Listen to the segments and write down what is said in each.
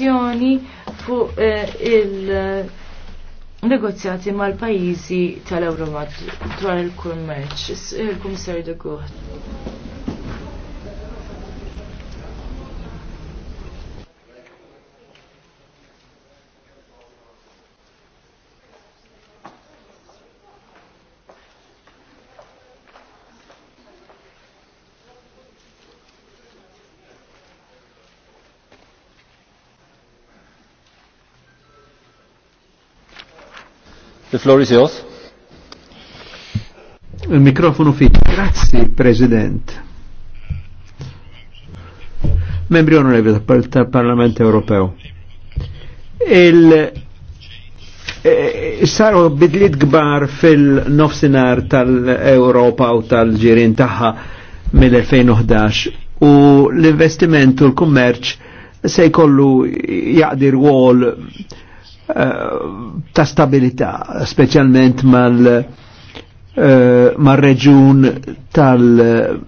informazzjoni fuq eh, il-negozjati mal-pajizi tal-Euromat dwar il-kummerċ. Il-Kummissarju de Gucht. The floor is yours. il microfono fit. Grazie, President. Membri onorevoli del Parlamento Europeo. Il E, saru bidliet gbar fil-nofsinar tal-Europa u tal-ġirin taħħa mill-2011 u l-investiment u l-kummerċ se jkollu jaqdir wol ta' stabilità, specialment mal eh, mar reġun tal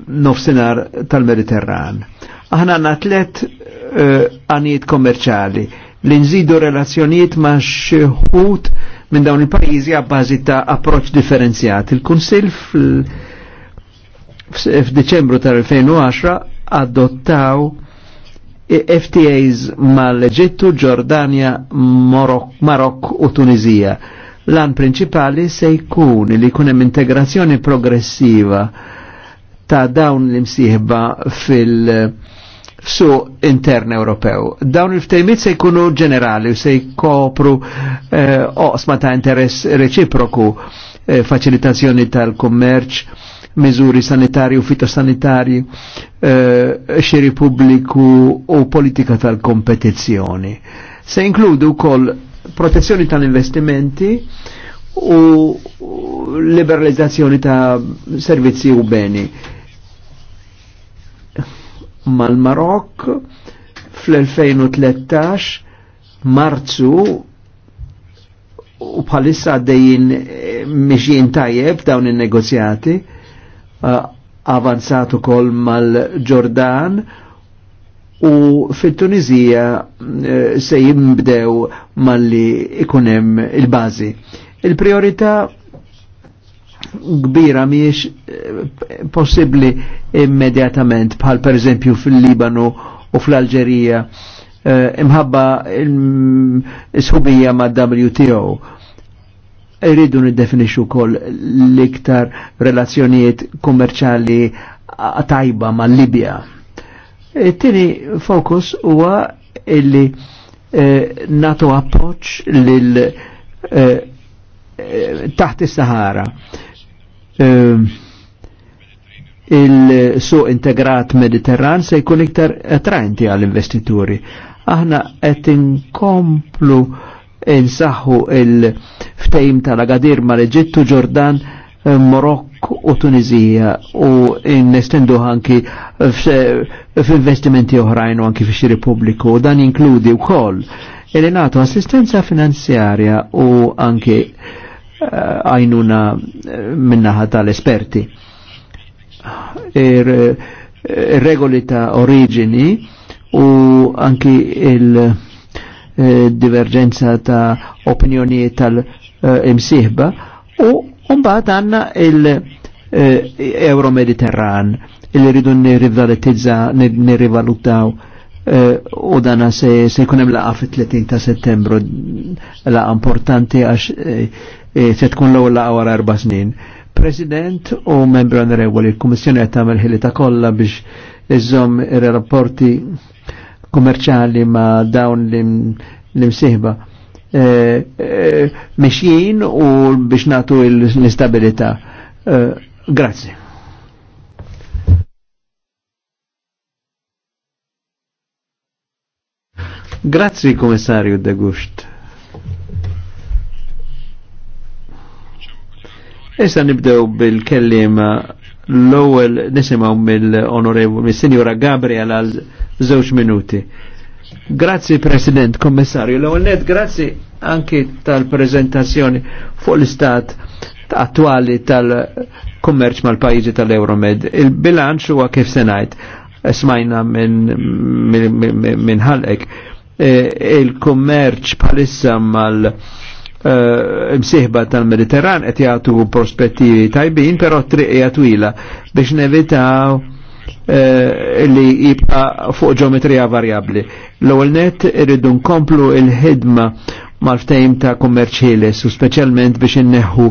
nofsenar tal-Mediterran. Aħna għanna tlet eh, għanijiet kommerċali li nżidu relazzjonijiet ma' xieħut minn dawn il-pajizi għabbażi ta' approċ differenzjat. Il-Kunsil f'Deċembru tal-2010 adottaw FTAs mal-Eġittu, Ġordania, Marok u Tunizija. Lan principali se jkun li jkun hemm integrazzjoni progressiva ta' dawn l-imsieħba fil- su intern Ewropew. Dawn il-ftejmit se jkunu ġenerali u se jkopru eh, oqsma ta' interess reċiproku, eh, facilitazzjoni tal-kummerċ, miżuri u fitosanitarju, eh, xiri eh, pubbliku u politika tal-kompetizzjoni. Se inkludu kol protezzjoni tal-investimenti u liberalizzazzjoni ta' servizzi u beni. Mal-Marok fl-2013 marzu u bħalissa għaddejjin eh, miexjien tajjeb dawn in-negozjati Eh, avanzatu kol mal-ġordan u fit-Tunizija eh, se jimbdew mal-li ikunem il-bazi. Il-priorità kbira miex eh, possibli immedjatament bħal per eżempju fil-Libanu u fl-Alġerija imħabba sħubija ma' WTO Irridu niddefinixxu wkoll l-iktar relazzjonijiet kummerċali tajba mal-Libja. It-tieni fokus huwa illi eh, natu appoġġ lil eh, taħt is-Sahara. Eh, il-suq integrat mediterran se jkun iktar attraenti għall-investituri. Aħna qed inkomplu eh, insaħħu il-ftejm tal-Agadir ma' l-Eġittu, Ġordan, eh, Morokk u Tunizija u nestendu anki f'investimenti oħrajn u anki f'xiri pubbliku u dan inkludi wkoll il nagħtu assistenza finanzjarja u anki eh, għajnuna eh, minnaħa tal-esperti. Ir-regoli ta' oriġini u anki il- Eh, diverġenza ta' opinjoni tal imsihba u mbagħad għandna il-Euro-Mediterran il eh, rridu nirrivalutaw eh, u dana se jkun hemm laqa fit-30 ta' Settembru laqa importanti għax se tkun l-ewwel laqa wara erba' snin. President u membru onorevoli, il-Kummissjoni qed tagħmel ħilita kollha biex iżomm ir-rapporti kummerċali ma' dawn l imsihba e, eh, eh, mexjien u biex natu l-istabilità. E, eh, Grazie. Grazzi komissarju De Gust. Issa nibdew bil-kellima l-ewwel nisimgħu mill-onorevoli mis-Sinjura Gabriel għal żewġ minuti. Grazzi President, Kommissarju, l-għonet grazzi anki tal-prezentazzjoni fuq l-istat attuali tal-kummerċ mal-pajizi tal-Euromed. Il-bilanċ huwa kif senajt, smajna minn min, min, min e, il-kummerċ bħalissa mal- Uh, e, msiħba tal-Mediterran qed jagħtu prospettivi tajbin, però triqija twila biex nevitaw Eh, li jibqa fuq ġeometrija varjabli. L-ewwel net irridu nkomplu il-ħidma mal-ftejm ta' kummerċieles u speċjalment biex inneħħu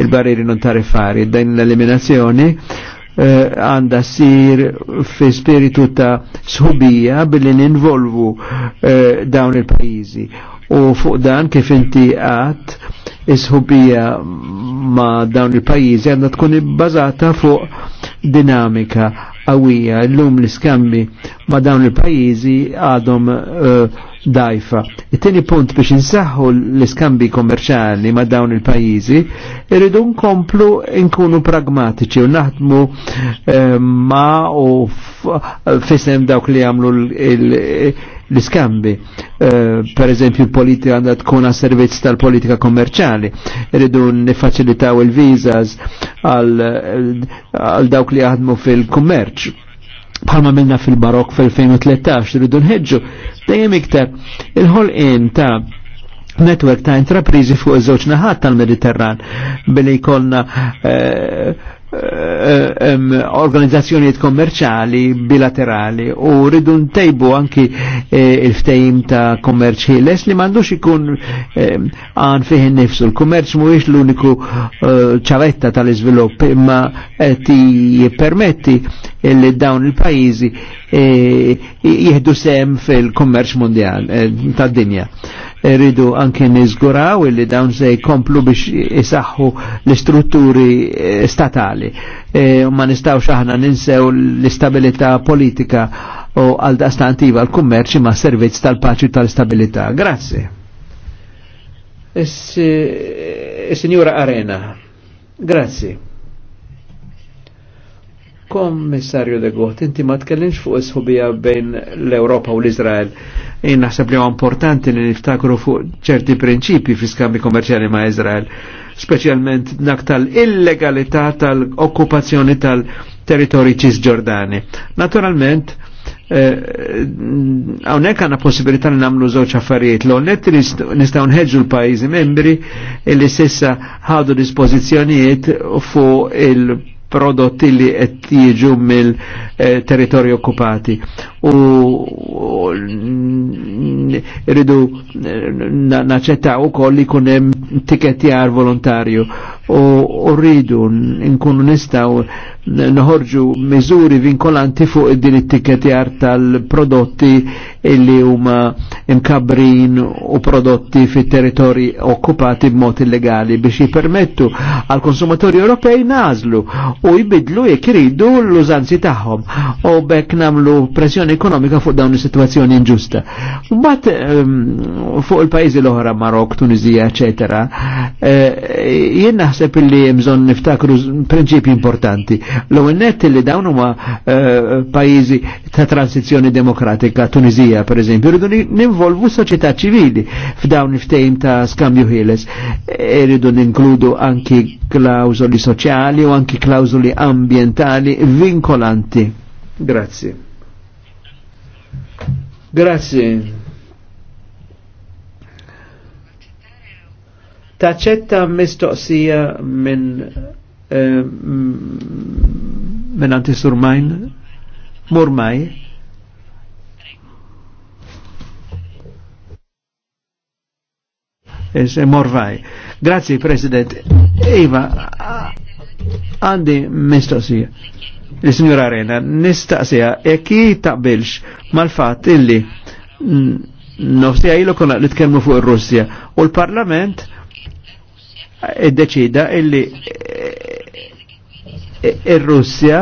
il-barriri non tarifari. Dan l-eliminazzjoni eh, għanda uh, sir fi spiritu ta' sħubija billi ninvolvu eh, dawn il-pajizi. U fuq dan kif inti għat isħubija ma' dawn il-pajizi għanda tkun bazata fuq dinamika qawwija llum l-iskambi ma' dawn il-pajjiżi għadhom uh, dajfa. It-tieni punt biex insaħħu l-iskambi kommerċali ma' dawn il-pajjiżi, irridu nkomplu nkunu pragmatiċi u naħdmu eh, ma' u fisem dawk li għamlu l-iskambi. Eh, per eżempju, l-politika għandha tkun għas servizz tal-politika kommerċali. rridu nifaċilitaw il-vizas għal dawk li jaħdmu fil-kummerċ. Palma minna fil-barok fil-2013, rridu nħedġu dejjem iktar il-ħolqin ta' network ta' intraprizi fuq iż-żewġ naħat tal-Mediterran billi jkollna eh, um, organizzazzjonijiet kommerċali bilaterali u rridu ntejbu anki eh, il-ftejim ta' kommerċ ħiles li mandux ikun eh, għan fiħin nefsu nifsu. Il-kommerċ mhuwiex l-uniku eh, ċavetta tal-iżvilupp imma ti permetti li dawn il-pajjiżi jieħdu sem fil-kommerċ mondjal tad-dinja rridu anki nizguraw illi dawn se jkomplu biex isaħħu l-istrutturi eh, statali. Eh, ma nistaw aħna ninsew l-istabilità politika u għal dastantiva l-kummerċi ma' servizz tal-paċi tal istabilita Grazie. Eh, signora Arena, grazie. Kommissarju de Gott, inti ma tkellimx fuq isħubija bejn l-Europa u l-Izrael Jien naħseb li importanti li niftakru fuq ċerti prinċipi fi skambi kommerċjali ma' Izrael, speċjalment dak tal-illegalità tal-okkupazzjoni tal-territori ċisġordani. Naturalment, għawnek eh, għanna possibilità li namlu zoċ affarijiet l net nistaw nħedġu l-pajizi membri illi sissa ħadu dispozizjonijiet fu il- prodotti li qed jiġu mill eh, territorji okkupati. U rridu naċċettaw ukoll li jkun hemm tikkettjar volontarju u rridu nkunu nistaw nħorġu miżuri vinkolanti fuq din it-tikketjar tal-prodotti illi huma mkabrin u prodotti fit territori okkupati b'mod illegali biex jipermettu għal konsumatori Ewropej nażlu u jbidlu jekk iridu l-użanzi tagħhom u bekk namlu pressjoni ekonomika fuq dawn is-sitwazzjoni inġusta. Mbagħad ehm, fuq il-pajjiżi l-oħra Marok, Tunizija, eċetera, eh, jien naħseb illi jemżon niftakru prinċipi importanti. L-ewwel net li dawn huma eh, pajjiżi ta' transizjoni demokratika, Tunizija per eżempju, rridu ninvolvu soċieta ċivili f'dawn il ta' skambju ħieles. E rridu ninkludu anki klawżoli soċjali u anki klawżoli ambientali vinkolanti. Grazie. Grazie. taċċetta mistoqsija minn eh, minn antisur surmajn Murmaj. Morvaj. Grazie, President. Iva, għandi mistoqsija. Il-Signor Arena, nistaqsija, ekki taqbilx mal-fat illi nofsija ilu konna li tkemmu fuq il-Russja u l-Parlament .deċida illi il russja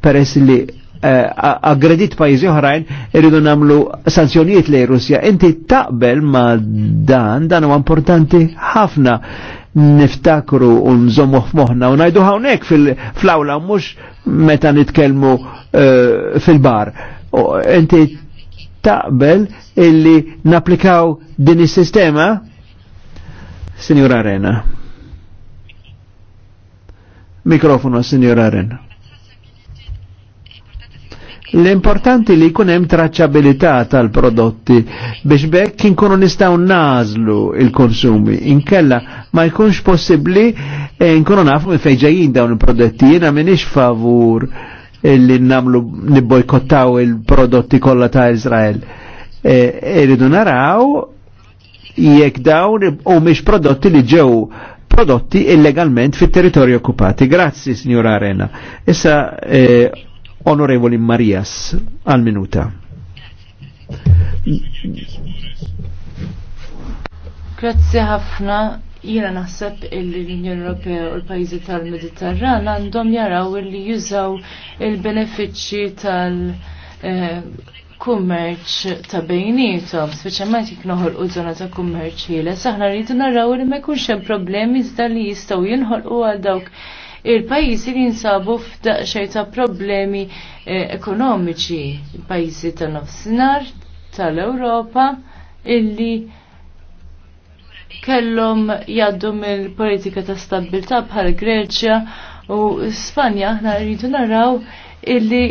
peress li eh, aggredit pajjiżi oħrajn irridu namlu sanzjonijiet lejn Russja. Inti taqbel ma dan, dan huwa importanti ħafna niftakru u f f'moħna u najdu hawnhekk fil-flawla mhux meta nitkellmu eh, fil-bar. Inti taqbel illi naplikaw din is-sistema Signor Arena. Mikrofono, Signor Arena. L-importanti li kunem hemm tal-prodotti biex bekk kien kunu nistaw nazlu il-konsumi. Inkella ma jkunx possibli e nkunu nafu fejn ġejjin dawn il-prodotti. jena minix favur li namlu nibbojkottaw il-prodotti kolla ta' Izrael. E, irridu e, e naraw jekk dawn u miex prodotti li ġew prodotti illegalment fit territorju okkupati. Grazzi, signora Arena. Issa, eh, onorevoli Marias, al minuta. Grazzi ħafna. Jiena naħseb illi l-Unjoni Ewropea u l-pajjiżi tal-Mediterran għandhom jaraw li jużaw il-benefiċċji tal- eh, kummerċ ta' bejnietom, speċjalment jekk noħolqu żona ta' kummerċ ħieles, aħna rridu naraw li ma jkunx hemm problemi iżda li jistgħu jinħolqu għal dawk il-pajjiżi li jinsabu f'daqsxejn ta' problemi eh, ekonomiċi, il-pajjiżi ta' nofsinhar tal-Ewropa illi kellhom jgħaddu mill-politika ta' stabilità bħal Greċja u Spanja aħna rridu naraw illi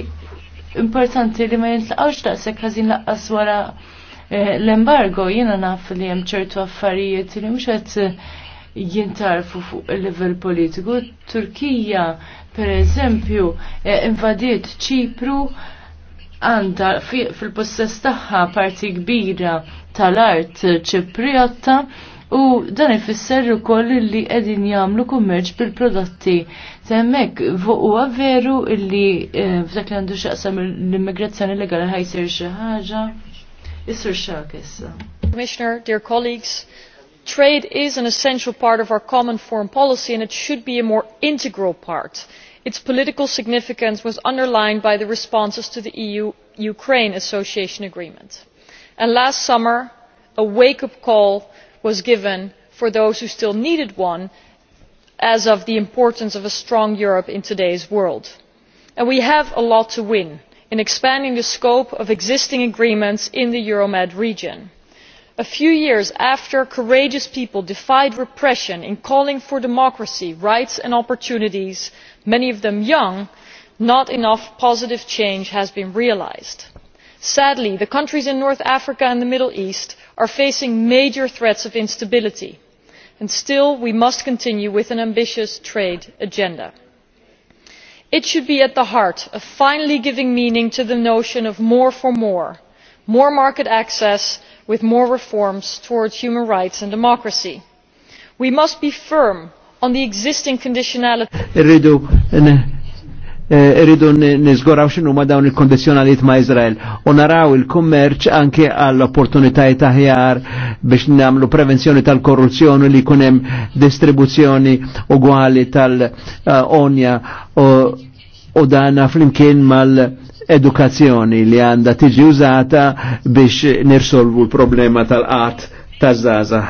importanti li ma jintlaqawx daqshekk ħażin laqqas wara eh, l-embargo jiena naf li hemm ċertu affarijiet li mhux qed eh, jintarfu fuq il livell politiku. Turkija, per eżempju, eh, invadiet ċipru għandha fil-possess tagħha parti kbira tal-art ċipriotta u dan ifisser ukoll li qegħdin jagħmlu kummerċ bil-prodotti Temmek, fuq huwa veru illi eh, f'dak li għandu xaqsam l-immigrazzjoni legali ħajsir xi ħaġa. Isur xak issa. Commissioner, dear colleagues, trade is an essential part of our common foreign policy and it should be a more integral part. Its political significance was underlined by the responses to the EU-Ukraine Association Agreement. And last summer, a wake-up call was given for those who still needed one as of the importance of a strong europe in today's world. we have a lot to win in expanding the scope of existing agreements in the euromed region. a few years after courageous people defied repression in calling for democracy rights and opportunities many of them young not enough positive change has been realised. sadly the countries in north africa and the middle east are facing major threats of instability and still we must continue with an ambitious trade agenda. it should be at the heart of finally giving meaning to the notion of more for more more market access with more reforms towards human rights and democracy. we must be firm on the existing conditionality. Eh, irridu nizgoraw xinu ma dawn il-kondizjonaliet ma' Izrael u naraw il-kummerċ anke għall-opportunitajiet aħjar biex namlu prevenzjoni tal-korruzzjoni li kunem distribuzzjoni ugwali tal-onja u dana flimkien mal-edukazzjoni li għanda tiġi użata biex nirsolvu l-problema tal-qat taż-żaza.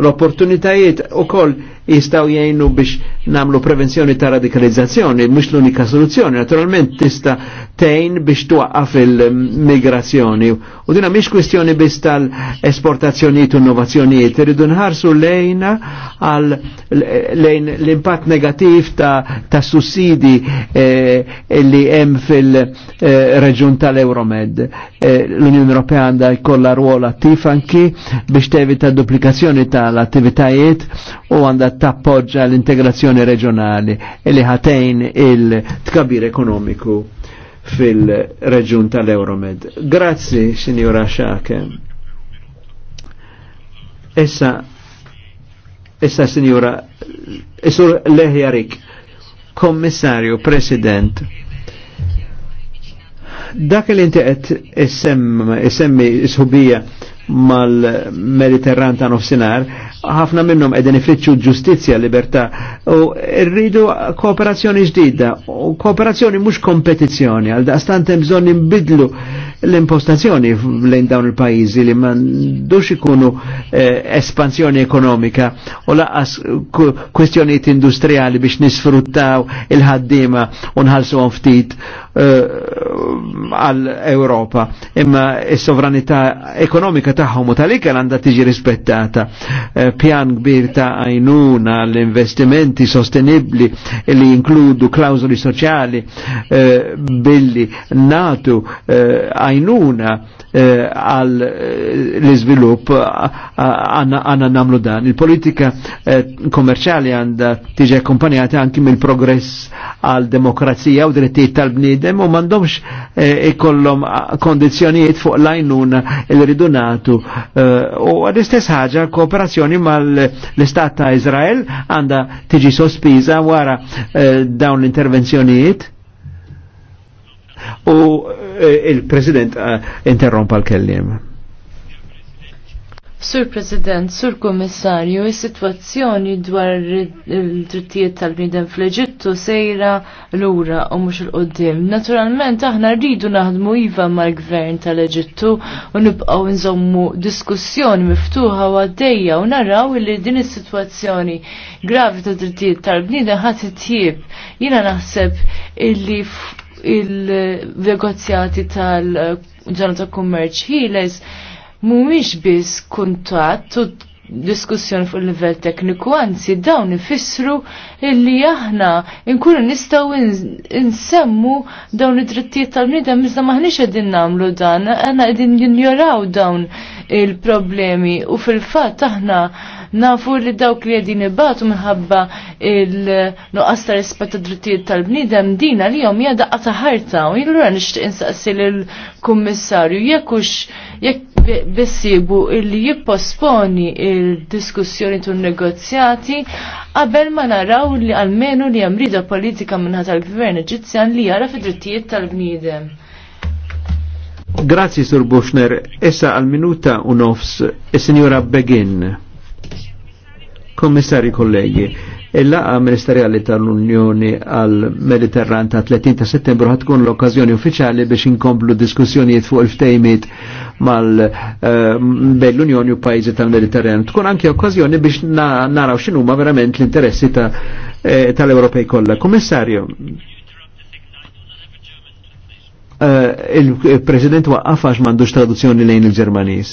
L-opportunitajiet u koll jistaw jgħinu biex namlu prevenzjoni ta' radikalizzazzjoni, mux l-unika soluzzjoni, naturalment tista' tejn biex tuqqaf il-migrazzjoni. U dina miex kwestjoni biex tal-esportazzjoniet u innovazzjoniet, Rridu nħarsu lejna għal lejn l-impatt negativ ta', ta sussidi eh, li hemm fil-reġun eh, tal-Euromed. Eh, L-Unjoni Ewropea għandha jkollha rwol attiv anki biex tevita duplikazzjoni tal-attivitajiet u għandha tappoġġa l-integrazzjoni reġjonali e li ħatejn il-tkabir ekonomiku fil-reġjun tal-Euromed. Grazzi, Sinjora Xake. Issa, issa, Sinjora, Isur Leħjarik, Kommissarju, President, dak li inti qed issemmi isħubija mal-Mediterran ta' nofsinhar ħafna minnhom qegħdin iflittxu ġustizja libertà u rridu kooperazzjoni ġdida u kooperazzjoni mhux kompetizzjoni għal daqstant hemm bżonn inbidlu l-impostazzjoni lejn dawn il-pajjiżi li m'għandux ikunu eh, espansjoni ekonomika u laqas kwestjonijiet industrijali biex nisfruttaw il-ħaddiema u nħallsuhom ftit eh, għal Europa imma s-sovranità ekonomika tagħhom u tal-ikel għandha tiġi rispettata. Eh, pjan kbir ta' għajnuna l-investimenti sostenibli li inkludu klawzoli soċjali eh, billi natu eh, għajnuna eh, għal l-izvilup għanna namlu dan. Il-politika kommerċali għanda tiġi akkompanjata anki mill-progress għal demokrazija u drittijiet tal-bnidem u mandomx ikollom kondizjonijiet fuq l l-għajnuna il-ridunatu u għad-istess ħaġa kooperazzjoni l istat ta' Izrael għanda tiġi sospiża wara eh, dawn l-intervenzjonijiet. U eh, il-President eh, interrompa l-kellim. Sur President, Sur Kommissarju, is-sitwazzjoni dwar il-drittijiet tal-bniedem fl-Eġittu sejra lura u mhux il-qoddim. Naturalment aħna rridu naħdmu iva mal-gvern tal-Eġittu u nibqgħu nżommu diskussjoni miftuħa għaddeja u naraw li din is-sitwazzjoni gravi ta' drittijiet tal-bniedem ħadd tjib. Jiena naħseb illi il-negozjati tal ġanata kummerċ ħiles mhumiex biss kuntatt u diskussjoni fuq livell tekniku, anzi dawn ifissru illi aħna nkunu nistgħu insemmu dawn id-drittijiet tal-bniedem iżda maħniex qegħdin nagħmlu dan, għana qegħdin jinjoraw dawn il-problemi u fil-fatt aħna nafu li dawk li għedin ibatu minħabba il-nuqqas ta' rispetta drittijiet tal-bnidem dina li jom hija daqqa ta' ħarta u jillura nixtieq insaqsi l kummissarju jekkux jekk il li jipposponi il-diskussjoni tu negozjati qabel ma naraw li għalmenu li hemm rida politika minnha tal-gvern Eġizzjan li jara fi drittijiet tal-bniedem. Grazie, Sur Bushner. Essa al minuta unofs, e signora Begin. Commissari, colleghi, il la ministerjali tal-Unjoni Mediterraneo al ta' 30 ta' settembru ħatkun l-okkazjoni uffiċjali biex inkomplu diskussjonijiet fuq il-ftejmiet mal eh, bejn l paese u Mediterraneo tal anche Tkun anke okkazjoni biex naraw x'inhuma verament l-interessi eh, tal-Ewropej kollha. Commissario. Eh, il-President għax m'għandux traduzzjoni lejn il-Ġermaniż.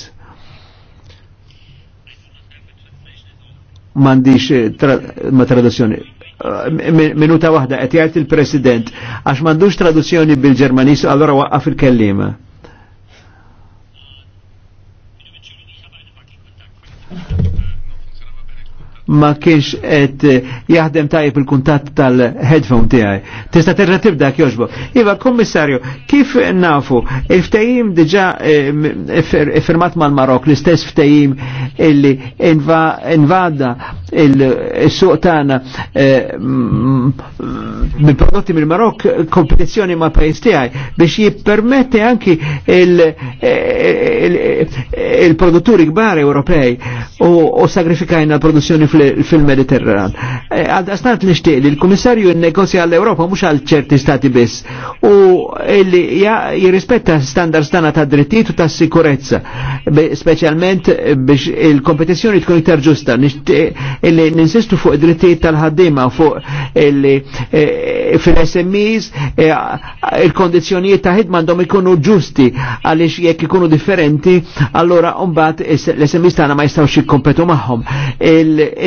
M'għandix eh, ma traduzzjoni. Eh, minuta waħda qed jgħid il-President għax m'għandux traduzzjoni bil-Ġermaniż allora waqqaf il-kellima. ma kienx qed eh, jaħdem tajjeb il-kuntatt tal-headphone tiegħi. Tista' terra tibda kjoġbo. Iva, kommissarju, kif nafu, il-ftehim diġà eh, firmat mal-Marok l-istess ftehim illi invada il-suq tagħna eh, mill-prodotti mill-Marok kompetizzjoni ma' pajjiż tiegħi biex jippermetti anki il-produtturi kbar Ewropej u sagrifikajna l-produzzjoni fl fil-Mediterran. Eh, Għaldastant nishtiq li li l-Komissarju negozja għall-Europa mux għal ċerti stati biss u illi jirrispetta standard stana ta' drittijiet u ta' sikurezza, specialment biex il-kompetizjoni tkun iktar ġusta, illi ninsistu fuq drittijiet tal-ħaddima, fuq illi eh, fil-SMEs eh, il-kondizjonijiet ta' ħidma għandhom ikunu ġusti għaliex jekk ikunu differenti, allora umbat l-SMEs tana ma jistawx jikkompetu maħħom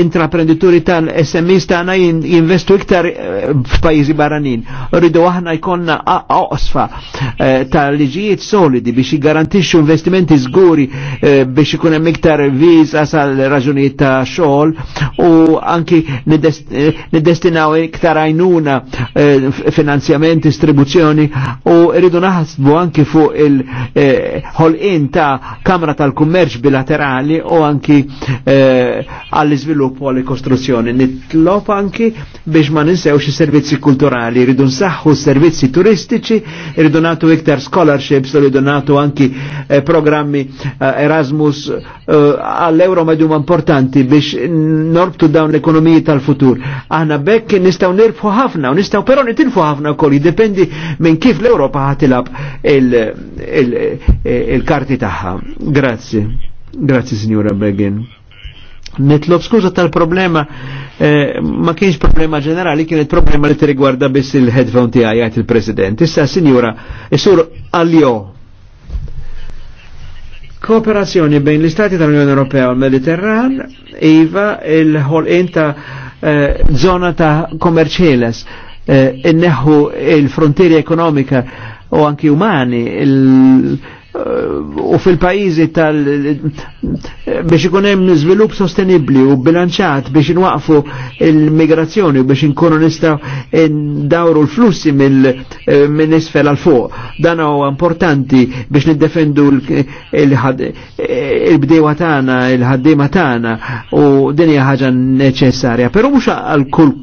intraprenditori tal-SMEs tagħna jinvestu iktar eh, f'pajjiżi barranin. Rridu aħna jkollna oqsfa eh, ta' liġijiet solidi biex jgarantixxu investimenti żguri eh, biex ikun hemm iktar viża sal raġunijiet ta' xogħol u anki niddestinaw iktar għajnuna finanzjament, distribuzzjoni u rridu naħsbu anki fuq il-ħolqien ta' Kamra tal-Kummerċ bilaterali u anki għall-iżvilupp l-izvilupp u għall-kostruzzjoni. Nitlob anki biex ma ninsew ninsewx servizzi kulturali, rridu nsaħħu servizzi turistiċi, rridu natu iktar scholarships, rridu natu anki eh, programmi eh, Erasmus eh, għall-euro eh, ma importanti biex norbtu dawn l-ekonomiji tal-futur. Aħna bekk nistaw nirfu ħafna, u nistaw però nitilfu ħafna kol, dipendi minn kif l-Europa ħatilab il-karti il, il, il, il, il taħħa. Grazie. Grazie signora Begin. Nitlob skuża tal-problema, eh, ma kienx problema ġenerali, kienet problema li t-rigwarda biss il-headphone ti għajajt il-President. Issa, signora jessur sur Aljo. Kooperazzjoni bejn l-Istati tal-Unjoni Ewropea u l-Mediterran, iva il ħol inta eh, zona ta' komerċieles, eh, inneħu il-frontieri ekonomika u anki umani, il- Eh, u fil-pajizi tal biex ikun hemm żvilupp sostenibbli u bilanċat biex inwaqfu il-migrazzjoni u biex inkunu nistgħu ndawru l-flussi eh, minn isfel għal fuq. Dan huwa importanti biex niddefendu eh, il-bdewa tagħna, il-ħaddiema tagħna u din hija ħaġa neċessarja, però mhux għal kull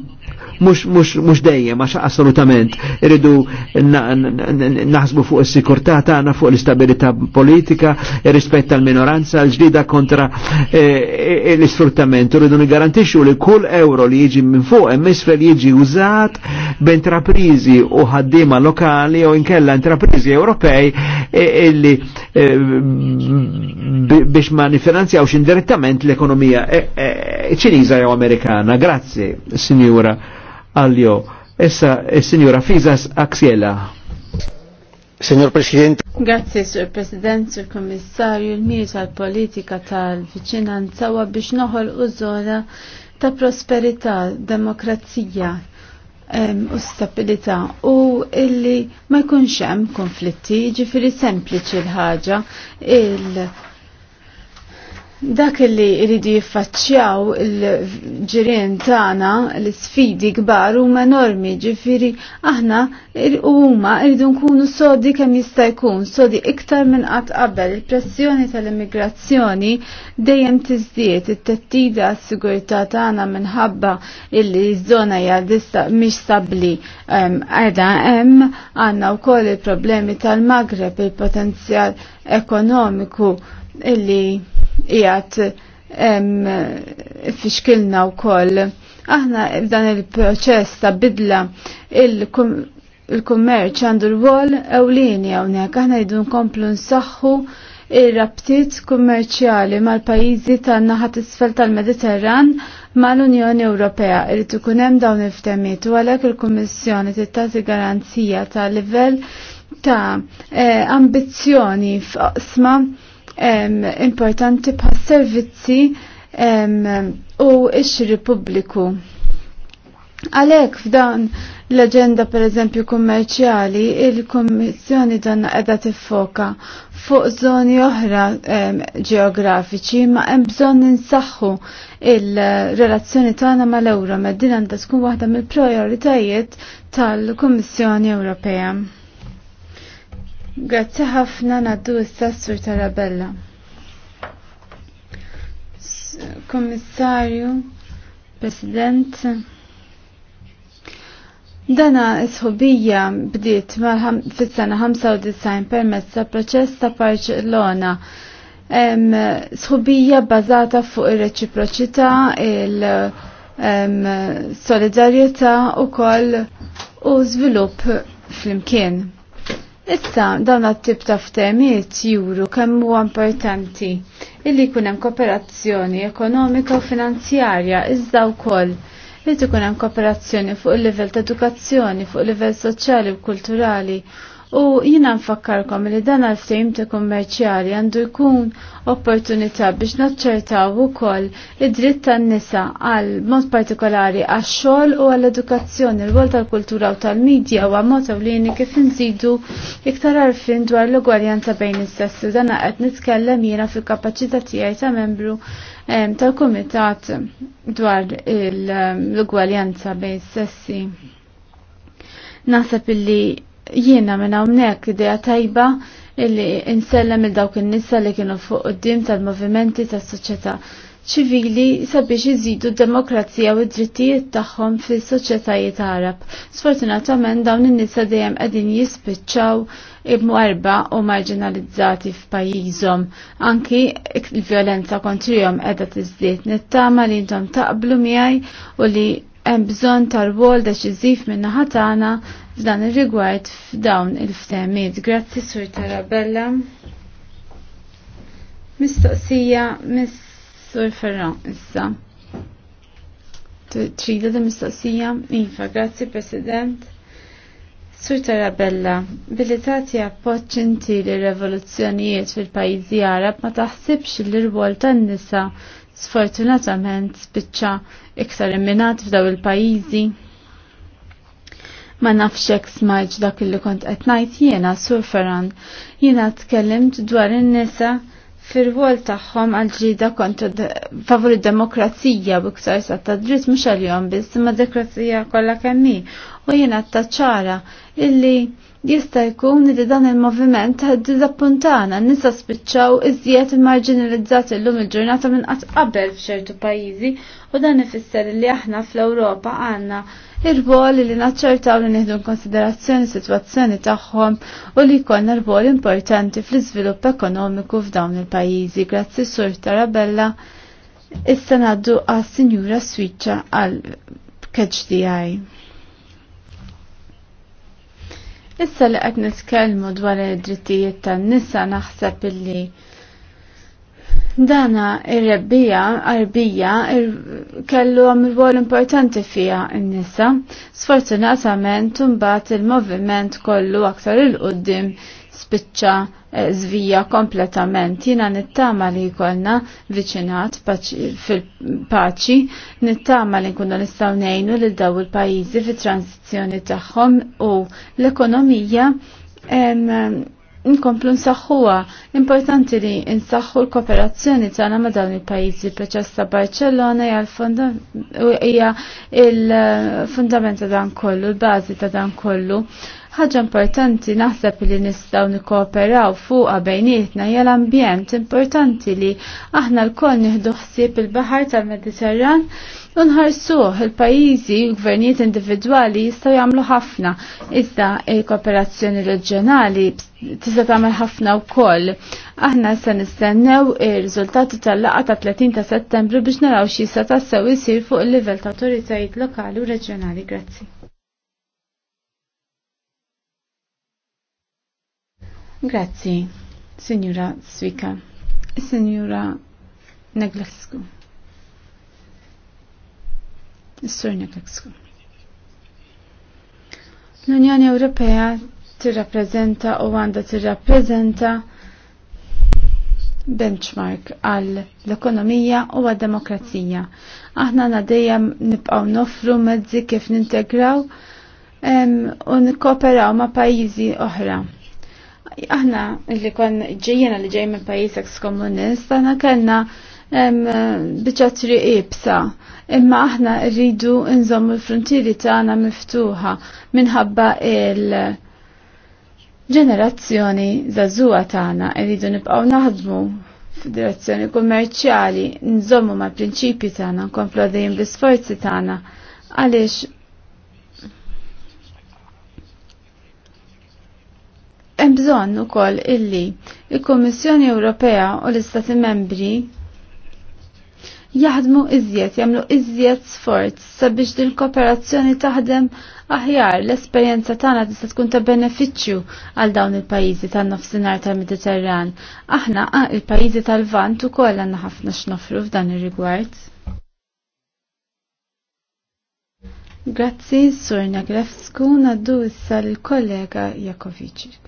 mux dejjem, għax assolutament irridu naħsbu fuq is-sikurtà tagħna fuq l-istabilità politika, rispett l minoranza l-ġdida kontra eh, eh, l-isfruttament. Irridu nigarantixxu li kull euro li jiġi minn fuq hemm jiġi użat b'intraprizi u ħaddiema lokali u inkella intraprizi Ewropej illi eh, biex ma nifinanzjawx indirettament l-ekonomija ċiniża jew Amerikana. Grazzi, Signora. Aljo. Essa il-Signora e Fizas Axiela. Signor Presidente. Grazie, Sur President, Sur Kommissarju, il-miri tal-politika tal-vicinanza u biex noħol użola ta' prosperità, demokrazija u stabilità u illi ma jkunx hemm konflitti, ġifiri sempliċi l-ħaġa il- Dak li jridu jiffaċċjaw il-ġirien tagħna l-sfidi kbar huma enormi, ġifieri aħna huma rridu nkunu sodi kemm jista' jkun, sodi iktar minn qatt qabel. Il-pressjoni tal-immigrazzjoni dejjem tiżdied, it-tettida għas-sigurtà tagħna minħabba illi ż-żona hija mhix stabbli qiegħda hemm għandna wkoll il-problemi tal-Magreb, il-potenzjal ekonomiku illi jgħat fiskilna u koll. Aħna f'dan il-proċess ta' bidla il-kummerċ għandu l-wol ewlieni hawnhekk aħna jridu nkomplu nsaħħu ir-rabtiet kummerċjali mal-pajjiżi tan-naħat isfel tal-Mediterran mal-Unjoni Ewropea irid ikun hemm dawn il-ftemiet u għalhekk il-Kummissjoni tittati garanzija ta' livell ta' eh, ambizzjoni f'qosma importanti bħas servizzi u ix-xiri pubbliku. Għalek f'dan l-agenda per eżempju kummerċjali, il-Kommissjoni dan qiegħda tiffoka fuq żoni oħra ġeografiċi ma hemm bżonn insaħħu il-relazzjoni tagħna mal-Ewro, ma għandha tkun waħda mill-prioritajiet tal-Kummissjoni Ewropea. Grazzi ħafna naddu s-sassur Tarabella. Kommissarju, President, Dana sħubija bdiet fil-sena 95 permezz ta' proċess ta' Barcelona. Sħubija bazata fuq ir-reċiproċità, il-solidarjetà u koll u żvilupp fl-imkien. Issa, dawn għat-tip ta' ftemiet juru kemm huwa importanti illi jkun hemm kooperazzjoni ekonomika u finanzjarja iżda wkoll li tkun hemm kooperazzjoni fuq il-livell ta' edukazzjoni, fuq il-livell soċjali u kulturali U jina nfakkarkom li dan għal-ftejm ta' kummerċjali għandu jkun opportunità biex naċċertaw ukoll id-dritt tan-nisa għal mod partikolari għax-xogħol u għall-edukazzjoni l-wol tal-kultura u tal-medja u mod ewlieni kif inżidu iktar għal-fin dwar l-ugwarjanza bejn is-sessi dan qed nitkellem jina fil-kapaċità tiegħi ta' membru tal-kumitat dwar l-ugwarjanza bejn is-sessi. Naħseb illi jiena minn hawnhekk idea tajba illi insellem il dawk in-nisa li kienu fuq qudiem tal-movimenti tas-soċjetà ċivili sabiex iżidu d-demokrazija u d-drittijiet tagħhom fis-soċjetajiet Arab. Sfortunatament dawn in-nisa dejjem qegħdin jispiċċaw imwarba u marginalizzati f'pajjiżhom. Anki l-vjolenza kontrihom qiegħda tiżdied nittama li intom taqblu miegħi u li hemm bżonn tal-wol deċiżiv minn naħa tagħna f'dan ir-rigward f'dawn il-ftehmiet. Grazzi Sur Tarabella. Mistoqsija miss Sur Ferran issa. Trida da mistoqsija? Iva, grazzi President. Sur Tarabella, billi tagħti appoġġ inti li revoluzzjonijiet fil-pajjiżi Arab ma taħsibx l-irwol tan-nisa sfortunatament spiċċa iktar imminat f'daw il-pajjiżi ma nafxek smajġ dak li kont qed ngħid jiena sur Ferran. Jiena tkellimt dwar in-nisa fir wol tagħhom għal ġida kont favur id-demokrazija b'iktar sa ta' dritt mhux għalihom biss imma demokrazija kollha kemm hi u jiena taċċara illi Jista' jkun li dan il-moviment dizappuntana nisa spiċċaw iżjed marginalizzat illum il-ġurnata minn qatt qabel f'ċertu pajjiżi u dan ifisser li aħna fl-Ewropa għandna ir-rwol li naċċertaw li nieħdu konsiderazzjoni sitwazzjoni tagħhom u li jkollna rwol importanti fl-iżvilupp ekonomiku f'dawn il-pajjiżi. Grazzi Sur Tarabella. Issa ngħaddu għas-Sinjura Swiċċa għal KHDI. Issa li qed nitkellmu dwar id-drittijiet tan-nisa naħseb illi dana ir-rebbija, arbija, kellu għam rwol importanti fija n-nisa. Sfortunatament, mbagħad il-moviment kollu aktar il-qoddim spiċċa eh, zvija kompletament. Jina nittama li jkollna viċinat fil-paċi, nittama li nkunu nistaw nejnu li daw il-pajizi fi tranzizjoni tagħhom u l-ekonomija nkomplu nsaħħuha. Importanti li nsaħħu l-kooperazzjoni tagħna ma' dawn il-pajjiżi proċess ta' Barcellona hija l-fundament ta' dan kollu, l-bażi ta' dan kollu ħaġa importanti naħseb li nistgħu nikkooperaw fuqha bejnietna hija l-ambjent importanti li aħna lkoll nieħdu ħsieb il-baħar tal-Mediterran u nħarsuh il-pajjiżi u gvernijiet individwali jistgħu jagħmlu ħafna iżda l-kooperazzjoni reġjonali tista' tagħmel ħafna wkoll. Aħna se nistennew ir-riżultati tal-laqgħa ta' 30 ta' Settembru biex naraw x'jista' tassew isir fuq il-livell ta' awtoritajiet lokali u reġjonali. Grazzi. Grazzi, Signora Svika. Signora Neglescu. is Neglesku. L-Unjoni Ewropea tirrappreżenta u għandha tirrappreżenta benchmark għall ekonomija u għad demokrazija. Aħna nadeja nibqaw nofru mezzi kif nintegraw u nikkooperaw ma' pajjiżi oħra aħna li kon ġejjena li ġej minn pajjiż eks komunist aħna kellna biċa triq ibsa. Imma aħna rridu nżommu l-frontieri tagħna miftuħa minħabba il- ġenerazzjoni zazuwa tagħna rridu nibqgħu naħdmu f'direzzjoni kummerċjali, nżommu mal prinċipji tagħna, nkomplu għadejjem bl-isforzi tagħna għaliex Hemm bżonn ukoll illi il-Kummissjoni Ewropea u l-Istati Membri jaħdmu iżjed, jagħmlu iżjed sforz sabiex din kooperazzjoni taħdem aħjar l-esperjenza tagħna tista' tkun ta' benefiċċju għal dawn il-pajjiżi tan-nofsinhar tal-Mediterran. Aħna ah, il-pajjiżi tal-Vant ukoll għandna ħafna x'nofru f'dan ir-rigward. Grazzi, Sur Nagrefsku, naddu issa l-kollega Jakovicik.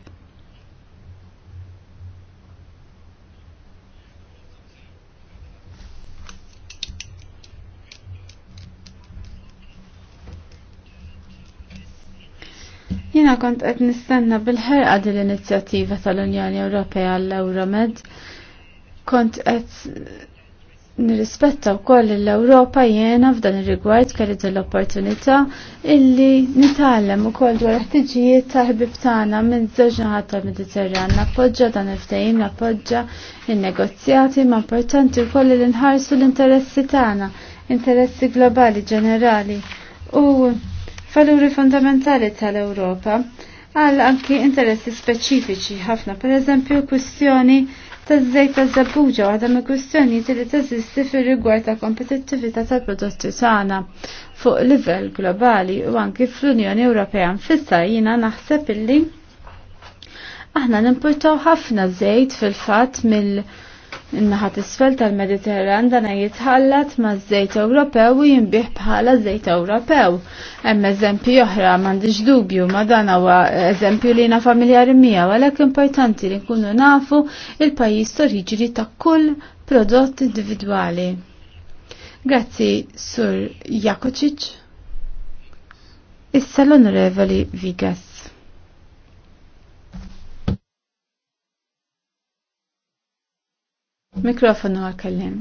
kont qed nistenna bil-ħerqa din l-inizjattiva tal-Unjoni Ewropea għall-Euromed. Kont qed nirrispetta wkoll l-Ewropa jiena f'dan ir-rigward kelli din l-opportunità illi nitgħallem ukoll dwar ħtiġijiet ta' ħbib tagħna minn żewġ naħat tal-Mediterran. Nappoġġa dan il-ftehim, nappoġġa in-negozjati, ma' importanti wkoll li nħarsu l-interessi tagħna, interessi globali ġenerali. U valuri fondamentali tal-Ewropa għal anki interessi speċifiċi ħafna, per eżempju, kwistjoni taż-żejt taż-żabbuġa waħda mill kwistjonijiet li teżisti fir-rigward ta' kompetittività tal-prodotti tagħna fuq livell globali u anki fl-Unjoni Ewropea nfissa jina naħseb illi aħna nimportaw ħafna żejt fil-fatt mill- Innaħat isfel tal-Mediterran dana jitħallat ma' żejt Ewropew u jinbih bħala żejt Ewropew. Hemm eżempju oħra m'għandix dubju ma' dan huwa eżempju li na familjari mija, għalhekk importanti li nkunu nafu il-pajjiż oriġini ta' kull prodott individwali. Grazzi, Sur Jakocic. Issa l-Onorevoli Vigas. Mikrofonu għal-kellim.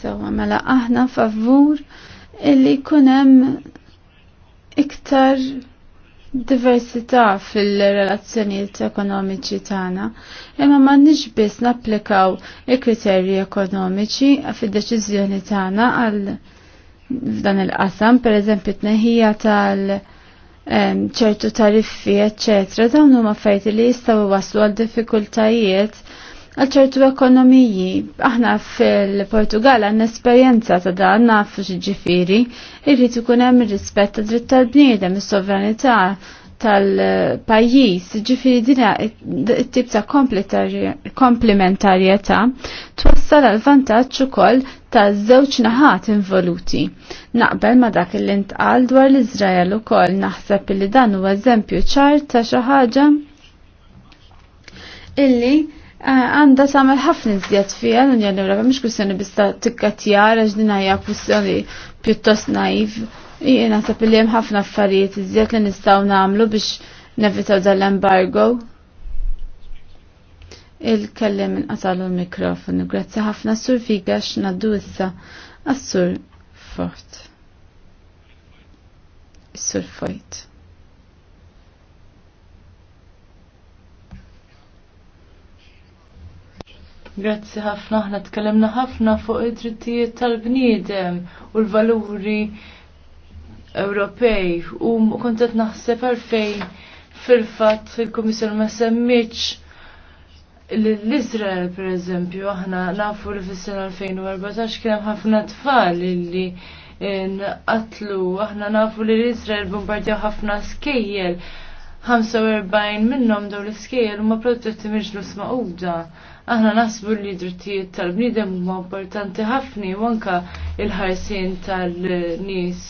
sewa mela aħna favur illi kunem iktar diversità fil-relazzjonijiet ekonomiċi tagħna, imma ma nix biss napplikaw il-kriterji ekonomiċi fid-deċiżjoni tagħna għal f'dan il-qasam, per eżempju t-neħija tal- ċertu tariffi, eccetera, dawn huma fejt li jistgħu waslu għal diffikultajiet għal ċertu ekonomiji. Aħna fil-Portugal għandna esperjenza ta' dan nafu x'ġifieri, irrid ikun hemm ir-rispett ta' dritt tal-bniedem, is-sovranità, tal-pajjiż, ġifiri dina it-tip ta' komplementarjetà twassal għal vantaġġ ukoll ta' żewġ naħat involuti. Naqbel ma' dak li ntqal dwar l-Iżrael ukoll naħseb li dan huwa eżempju ċar ta' xi ħaġa illi eh, għanda samel ħafna iżjed fija l-Unjoni Ewropea mux kwistjoni bista tikkatjar għax din hija kwistjoni pjuttost naiv Jiena naħseb li hemm ħafna affarijiet iżjed li nistgħu nagħmlu biex nevitaw l embargo Il-kellem inqatalu l-mikrofonu. Grazzi ħafna sur Vigax naddu issa għas-sur Fort. Is-sur Fort. Grazzi ħafna, ħna tkellimna ħafna fuq id-drittijiet tal-bniedem u l-valuri Ewropej u kontet naħseb għalfejn fil-fat il-Komissjoni ma semmiċ l-Izrael per eżempju aħna nafu li fis-sena 2014 kien hemm ħafna tfal li nqatlu aħna nafu li l-Izrael bombardjaw ħafna skejjel 45 minnhom dawn l-iskejjel huma protetti minn ġlus maquda. Aħna nasbu li drittijiet tal-bniedem huma importanti ħafna u anke il-ħarsien tal-nies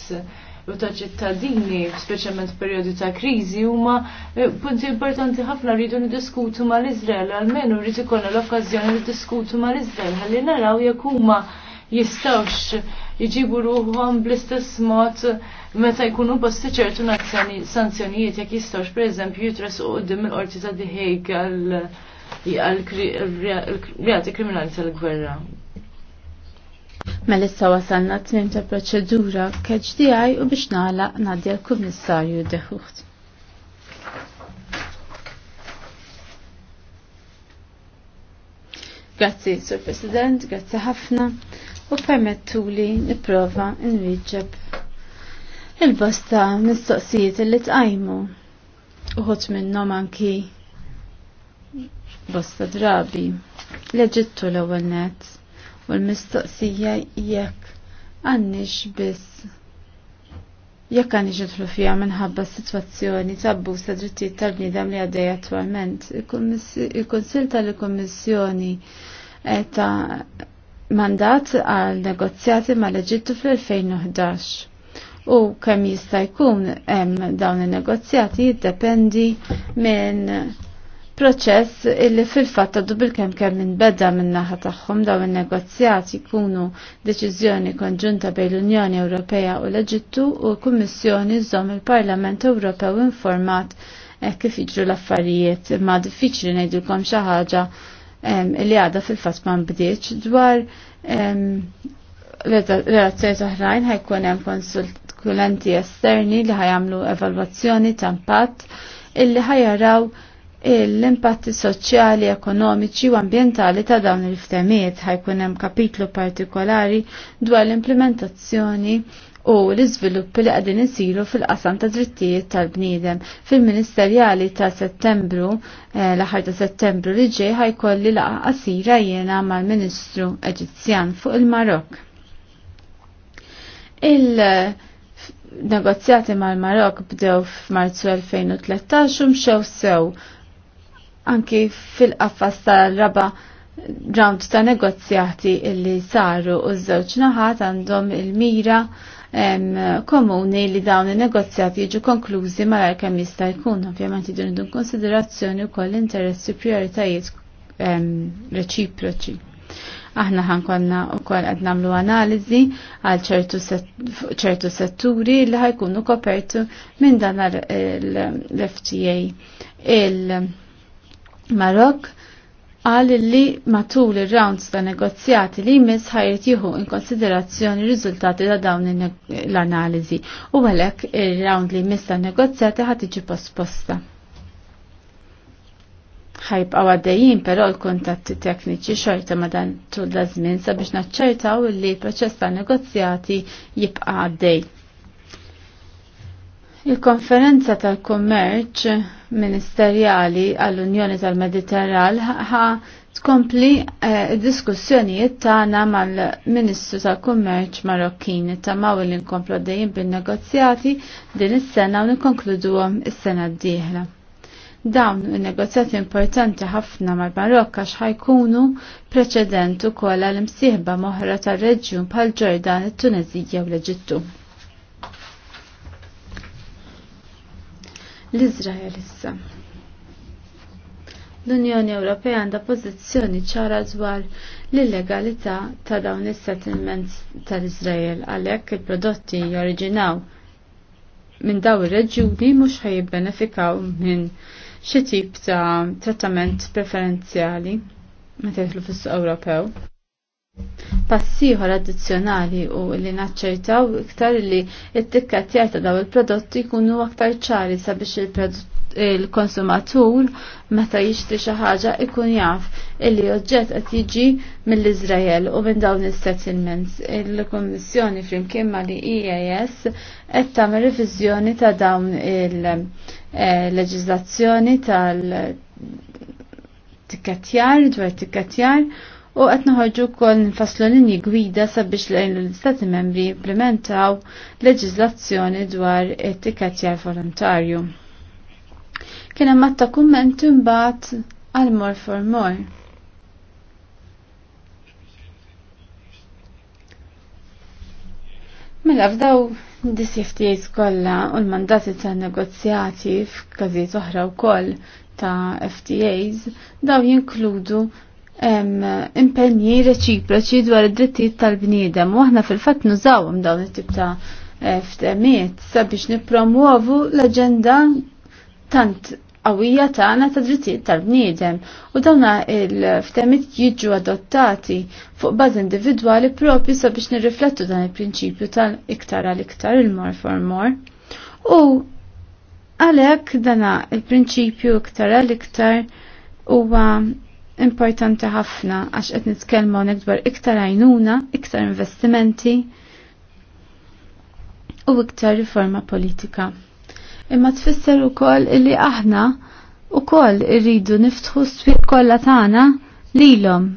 u ta' ċittadini, speċjalment periodi ta' kriżi, huma punti importanti ħafna rridu niddiskutu mal-Iżrael, almenu rridu ikollna l-okkażjoni niddiskutu mal-Iżrael ħalli naraw jekk huma jistawx jġibu ruħom bl-istess mod meta jkunu posti ċertu sanzjonijiet jekk jistawx pereżempju u qudiem il-qorti ta' diħejk għal reati kriminali tal-gwerra. Melissa wasalna tmim ta' proċedura KHDI u biex nala nadja l-Kummissarju Deħuħt. Grazzi, Sur President, grazzi ħafna u permettu li niprofa nriġeb il-bosta mistoqsijiet li tqajmu uħut minnom anki bosta drabi. Leġittu l-ewwel net u l-mistoqsija jekk għannix biss jekk għannix idħlu fija minħabba situazzjoni ta' abbuż ta' drittijiet tal-bniedem li għaddej attualment, Il-Kunsil tal-Kummissjoni eh, ta' mandat għal negozjati ma' l-Eġittu fl-2011 u kemm jista' jkun hemm dawn in-negozjati jiddependi minn proċess illi fil-fatt għaddu bil-kem kem minn bedda minn naħa tagħhom daw il negozjati jkunu deċiżjoni konġunta bejn l-Unjoni Ewropea u l-Eġittu u l-Kummissjoni żomm il-Parlament Ewropew informat eh, kif jiġru l-affarijiet ma' diffiċli ngħidilkom xi ħaġa li għadha fil-fatt ma nbdietx dwar relazzjoni oħrajn ħajkun hemm konsultanti esterni li ħajamlu evalwazzjoni ta' impatt illi ħajaraw l-impatti soċjali, ekonomiċi u ambientali ta' dawn il-ftemiet ħajkun hemm kapitlu partikolari dwar l-implementazzjoni u l-iżviluppi li qegħdin isiru fil-qasam ta' drittijiet tal-bniedem. Fil-Ministerjali ta' Settembru, eh, l-aħħar ta' Settembru li ġej ħajkolli laqa qasira jiena mal-Ministru Eġizzjan fuq il il, -Marok. il negozjati mal-Marok bdew f'Marzu 2013 u mxew sew anki fil-qaffas tal-raba' round ta' negozjati illi saru u żewġ naħat għandhom il-mira komuni li dawn il-negozjati jiġu konklużi l kemm jista' jkun. Ovvjament idu ndu konsiderazzjoni wkoll interessi prioritajiet reċiproċi. Aħna konna u koll għed namlu analizi għal ċertu setturi li ħajkunu kopertu minn dan l-FTA. Marok għal li matul ir-rounds ta' negozjati li jmiss ħajrit jieħu in konsiderazzjoni riżultati ta' dawn l-analiżi u għalhekk ir-round li jmiss ta' negozjati ħat iġi posposta ħajb għaddejjin però l-kuntatti tekniċi xorta ma dan tul da żmien sabiex naċċertaw li l-proċess ta' negozjati jibqa' għaddej. Il-konferenza tal-kommerċ ministerjali għall-Unjoni tal-Mediterral ħa tkompli eh, diskussjonijiet tagħna mal-Ministru tal-Kummerċ Marokkin tamaw li nkomplu dejjem bin-negozjati din is-sena u nikkonkluduhom is-sena d-dieħla. Dawn in-negozjati importanti ħafna mal-Marokka ħajkunu preċedent ukoll għall-imsieħba moħra tar-reġjun bħal Ġordan, it tunezija u l-Eġittu. l-Izrael issa. L-Unjoni Ewropea għandha pożizzjoni ċara dwar l-illegalità ta' dawn is-settlements tal-Izrael għalhekk il-prodotti joriġinaw minn daw ir-reġjuni mhux ħajjibbenefikaw minn xi tip ta' trattament preferenzjali meta jidħlu fis-Ewropew passiħor addizzjonali u li naċċertaw iktar li it-tikkatjar ta' daw il-prodotti jkunu aktar ċari sabiex il-konsumatur meta jixtri xi ħaġa ikun jaf illi oġġett qed jiġi mill-Iżrael u minn dawn is-settlements. Il-Kummissjoni flimkien ma' li EAS qed tagħmel reviżjoni ta' dawn il-leġiżlazzjoni eh, tal-tikkatjar dwar tikkatjar u qed noħorġu wkoll nfasslu linji gwida sabiex lejn l-Istati membri implementaw leġiżlazzjoni dwar it-tikketjar volontarju. Kien hemm ta' dokumenti mbagħad għal mor for more. Mela f'daw dis-FTAs kollha u l-mandati tan negozjati f'każijiet oħra wkoll ta' FTAs daw jinkludu impenji reċiproċi dwar id-drittijiet tal-bniedem u aħna fil-fatt nużawhom dawn it-tip ta' eh, ftemiet sabiex nippromuovu l-aġenda tant qawwija tagħna ta' drittijiet tal-bniedem u dawn il-ftemiet jiġu adottati fuq bażi individwali propri sabiex nirriflettu dan il-prinċipju tal-iktar għal iktar il-more for more. U għalhekk dana il-prinċipju iktar għal iktar huwa importanti ħafna għax qed nitkellmu nikbar iktar għajnuna, iktar investimenti u iktar riforma politika. Imma tfisser ukoll illi aħna ukoll irridu niftħu s-swieq kollha tagħna lilhom.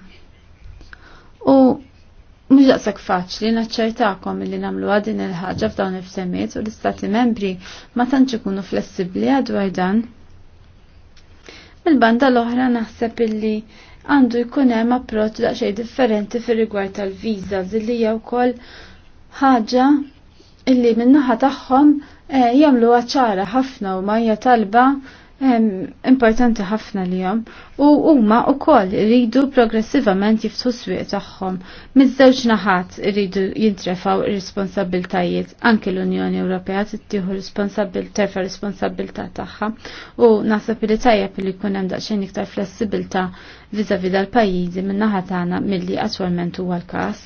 U mhux daqshekk faċli naċċertakom illi nagħmlu din il-ħaġa f'dawn il-ftemiet u l-istati membri ma tantx ikunu flessibbli għadwar dan mil banda l-oħra naħseb illi għandu jkun hemm approċċ daqsxejn differenti fir-rigward tal-viża li hija wkoll ħaġa illi min-naħa tagħhom eh, jagħmluha ċara ħafna u ma hija talba importanti ħafna li jom u huma u koll rridu progressivament jiftu swieq tagħhom. mizzewċ żewġ naħat rridu jintrefaw responsabiltajiet anke l-Unjoni Ewropea tittieħu responsabil terfa responsabilità tagħha u naħseb li tajjeb li jkun hemm daqsxejn iktar flessibilità viżavi dal-pajjiżi minn naħa tagħna milli attualment huwa l-każ.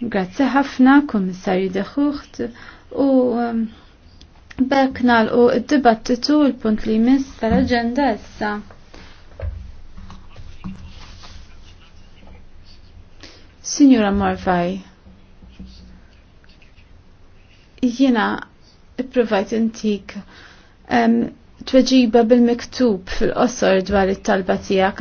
Grazzi ħafna, Kummissarju Deħuħt u Bekk nalqu id-dibattitu l-punt li jmiss tal-aġenda issa. Signora Morvaj, jiena ipprovajt intik tweġiba bil-miktub fil-qosor dwar it-talba tiegħek